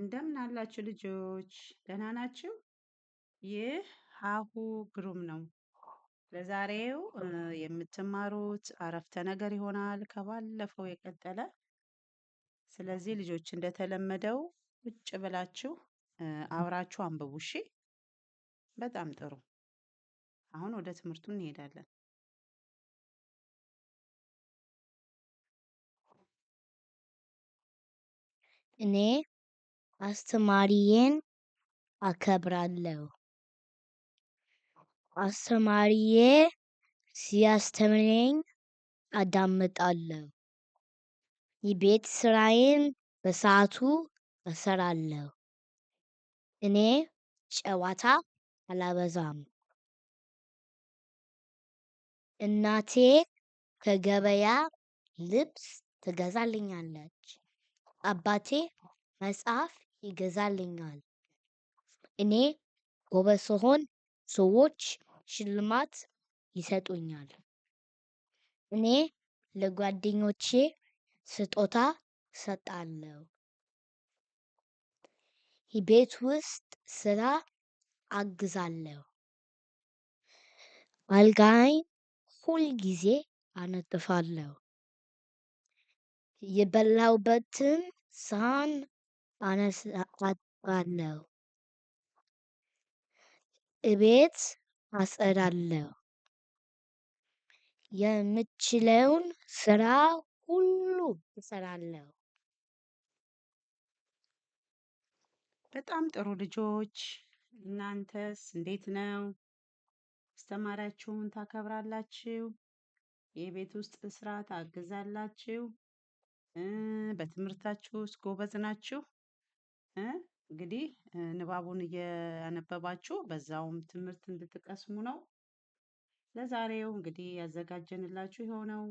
እንደምን አላችሁ ልጆች ደህና ናችሁ? ይህ ሀሁ ግሩም ነው። ለዛሬው የምትማሩት አረፍተ ነገር ይሆናል ከባለፈው የቀጠለ። ስለዚህ ልጆች እንደተለመደው ቁጭ ብላችሁ አብራችሁ አንብቡ። እሺ፣ በጣም ጥሩ። አሁን ወደ ትምህርቱ እንሄዳለን። እኔ አስተማሪዬን አከብራለሁ። አስተማሪዬ ሲያስተምረኝ አዳምጣለሁ። የቤት ስራዬን በሰዓቱ እሰራለሁ። እኔ ጨዋታ አላበዛም። እናቴ ከገበያ ልብስ ትገዛልኛለች። አባቴ መጽሐፍ ይገዛልኛል። እኔ ጎበዝ ስሆን ሰዎች ሽልማት ይሰጡኛል። እኔ ለጓደኞቼ ስጦታ እሰጣለሁ። የቤት ውስጥ ስራ አግዛለሁ። አልጋዬን ሁል ጊዜ አነጥፋለሁ። የበላሁበትን ሳህን አነሳለሁ፣ እቤት አጸዳለሁ። የምችለውን ስራ ሁሉ እሰራለሁ። በጣም ጥሩ ልጆች እናንተስ እንዴት ነው? አስተማሪያችሁን ታከብራላችሁ? የቤት ውስጥ ስራ ታግዛላችሁ? በትምህርታችሁ ውስጥ ጎበዝ ናችሁ እንግዲህ ንባቡን እያነበባችሁ በዛውም ትምህርት እንድትቀስሙ ነው። ለዛሬው እንግዲህ ያዘጋጀንላችሁ የሆነው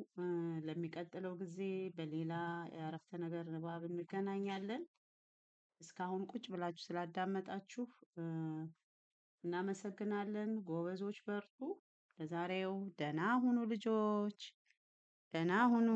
ለሚቀጥለው ጊዜ በሌላ የአረፍተ ነገር ንባብ እንገናኛለን። እስካሁን ቁጭ ብላችሁ ስላዳመጣችሁ እናመሰግናለን። ጎበዞች በርቱ። ለዛሬው ደህና ሁኑ ልጆች፣ ደህና ሁኑ።